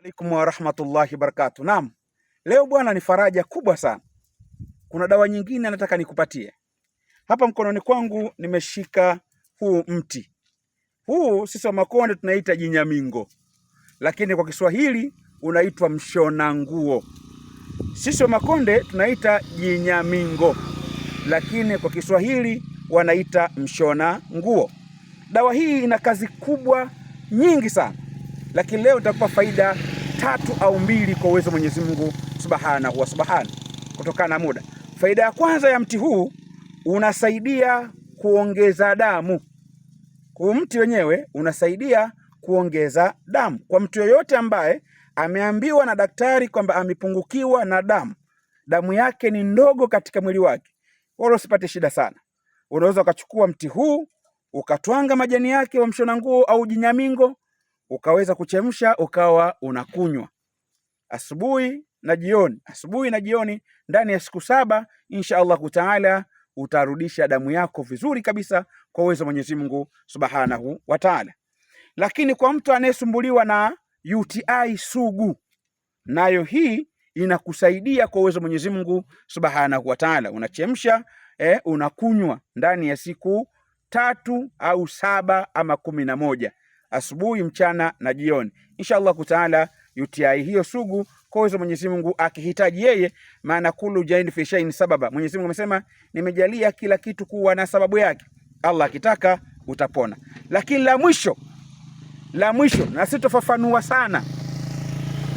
Alaikum warahmatullahi wabarakatu. Naam, leo bwana, ni faraja kubwa sana. Kuna dawa nyingine nataka nikupatie. Hapa mkononi kwangu nimeshika huu mti huu, sisi wa Makonde tunaita jinyamingo, lakini kwa Kiswahili unaitwa mshona nguo. Sisi wa Makonde tunaita jinyamingo, lakini kwa Kiswahili wanaita mshona nguo. Dawa hii ina kazi kubwa nyingi sana lakini leo nitakupa faida tatu au mbili kwa uwezo Mwenyezi Mungu subhanahu wa subhana, kutokana na muda. Faida ya kwanza ya mti huu, unasaidia kuongeza damu. Huu mti wenyewe unasaidia kuongeza damu. Kwa mtu yoyote ambaye ameambiwa na daktari kwamba amepungukiwa na damu, damu yake ni ndogo katika mwili wake, wala usipate shida sana. Unaweza ukachukua mti huu ukatwanga majani yake, mshona nguo au jinyamingo ukaweza kuchemsha ukawa unakunywa asubuhi na jioni, asubuhi na jioni, ndani ya siku saba, insha Allahu taala utarudisha damu yako vizuri kabisa kwa uwezo wa Mwenyezi Mungu Subhanahu wa Ta'ala. Lakini kwa mtu anayesumbuliwa na UTI sugu, nayo hii inakusaidia kwa uwezo wa Mwenyezi Mungu Subhanahu wa Ta'ala, unachemsha eh, unakunywa ndani ya siku tatu au saba ama kumi na moja asubuhi, mchana na jioni. Insha Allahu taala UTI hiyo sugu kwa uwezo Mwenyezi Mungu akihitaji yeye, maana kullu jain fi shay'in sababa. Mwenyezi Mungu amesema nimejalia kila kitu kuwa na sababu yake, Allah akitaka utapona. Lakini la mwisho la mwisho, na sitofafanua sana,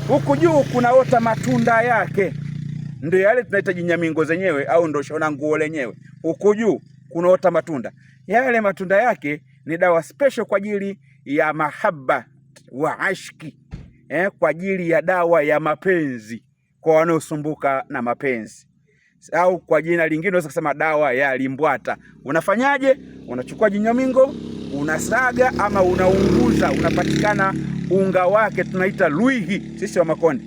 huku juu kunaota matunda yake, ndio yale tunaita jinyamingo zenyewe, au ndio shona nguo lenyewe. Huku juu kunaota matunda, yale matunda yake ni dawa special kwa ajili ya mahaba wa ashki eh, kwa ajili ya dawa ya mapenzi kwa wanaosumbuka na mapenzi, au kwa jina lingine unaweza kusema dawa ya limbwata. Unafanyaje? Unachukua jinyamingo unasaga ama unaunguza, unapatikana unga wake tunaita luihi sisi wa Makonde.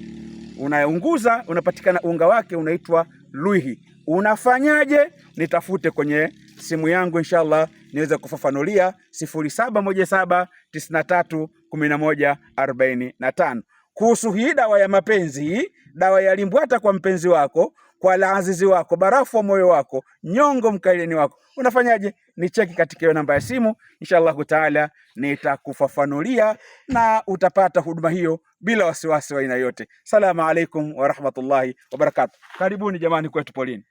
Unaunguza unapatikana unga wake unaitwa luihi. Unafanyaje? Nitafute kwenye simu yangu inshallah niweze kufafanulia 0717931145 kuhusu hii dawa ya mapenzi, dawa ya limbwata kwa mpenzi wako, kwa laazizi wako, barafu wa moyo wako, nyongo mkaileni wako, unafanyaje? Ni cheki katika hiyo namba ya simu, inshallah taala nitakufafanulia na utapata huduma hiyo bila wasiwasi wa aina yote. Salamu alaikum warahmatullahi wabarakatu. Karibuni jamani kwetu polini.